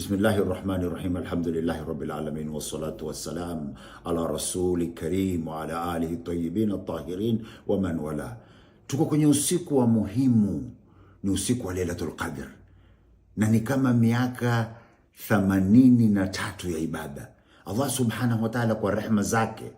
Bismillahi rahmani rahim alhamdulillahi rabbil alamin wassalatu wassalam ala rasuli karim wa ala alihi tayyibin tahirin wa man wala. Tuko kwenye usiku wa muhimu, ni usiku wa Lailatul lqadr na ni kama miaka thamanini na tatu ya ibada. Allah subhanahu wa ta'ala kwa rehma zake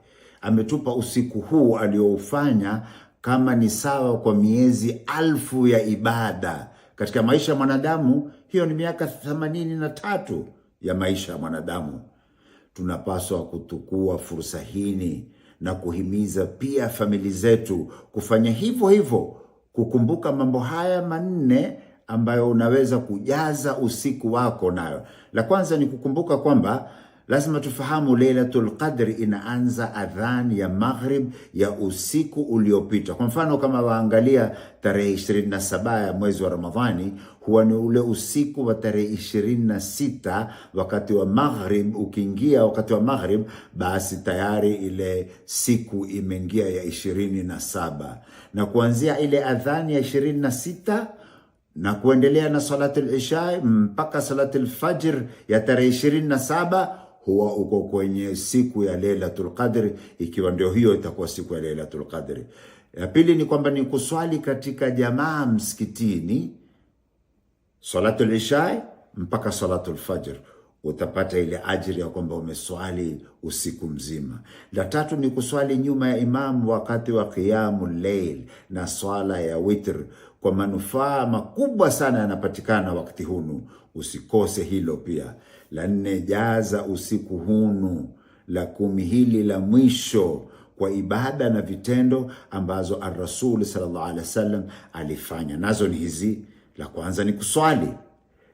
ametupa usiku huu aliyoufanya kama ni sawa kwa miezi alfu ya ibada katika maisha ya mwanadamu, hiyo ni miaka themanini na tatu ya maisha ya mwanadamu. Tunapaswa kutukua fursa hini na kuhimiza pia famili zetu kufanya hivyo hivyo, kukumbuka mambo haya manne ambayo unaweza kujaza usiku wako nayo. La kwanza ni kukumbuka kwamba lazima tufahamu leilatu Qadri inaanza adhan ya maghrib ya usiku uliopita. Kwa mfano kama waangalia tarehe 27 ya mwezi wa Ramadhani huwa ni ule usiku wa tarehe 26 wakati wa maghrib. Ukiingia wakati wa maghrib, basi tayari ile siku imeingia ya 27, na na kuanzia ile adhani ya 26 na kuendelea na salati lisha mpaka salati lfajr ya tarehe saba huwa uko kwenye siku ya Lailatul Qadri, ikiwa ndio hiyo itakuwa siku ya Lailatul Qadri. Ya pili ni kwamba ni kuswali katika jamaa msikitini, salatul isha mpaka salatul fajr utapata ile ajiri ya kwamba umeswali usiku mzima. La tatu ni kuswali nyuma ya imamu wakati wa qiyamu leil na swala ya witr, kwa manufaa makubwa sana yanapatikana wakati hunu, usikose hilo pia. La nne, jaza usiku hunu, la kumi hili la mwisho kwa ibada na vitendo ambazo Arrasul sallallahu alaihi wasallam alifanya nazo ni hizi: la kwanza ni kuswali,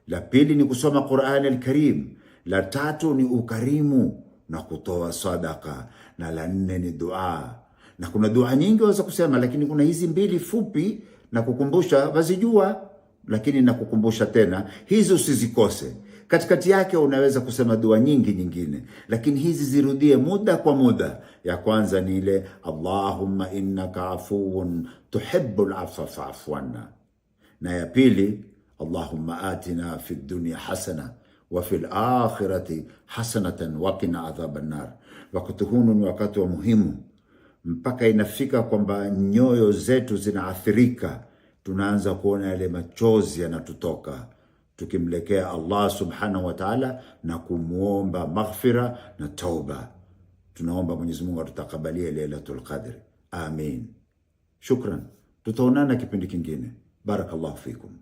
la pili ni kusoma Qurani Alkarim la tatu ni ukarimu na kutoa sadaka, na la nne ni dua. Na kuna dua nyingi waweza kusema, lakini kuna hizi mbili fupi na kukumbusha, wazijua, lakini na kukumbusha tena, hizi usizikose. Katikati yake unaweza kusema dua nyingi nyingine, lakini hizi zirudie muda kwa muda. Ya kwanza ni ile Allahumma innaka afuun tuhibu lafa fa'fu na ya pili Allahumma atina fi dunya hasana wa fil akhirati hasanatan wa qina adhaban nar. Wakati huu ni wakati wa muhimu, mpaka inafika kwamba nyoyo zetu zinaathirika, tunaanza kuona yale machozi yanatutoka tukimlekea Allah subhanahu wa ta'ala na kumwomba maghfira na tauba. Tunaomba Mwenyezi Mungu atutakabalie Lailatul Qadr, amin. Shukran, tutaonana kipindi kingine. Barakallahu fikum.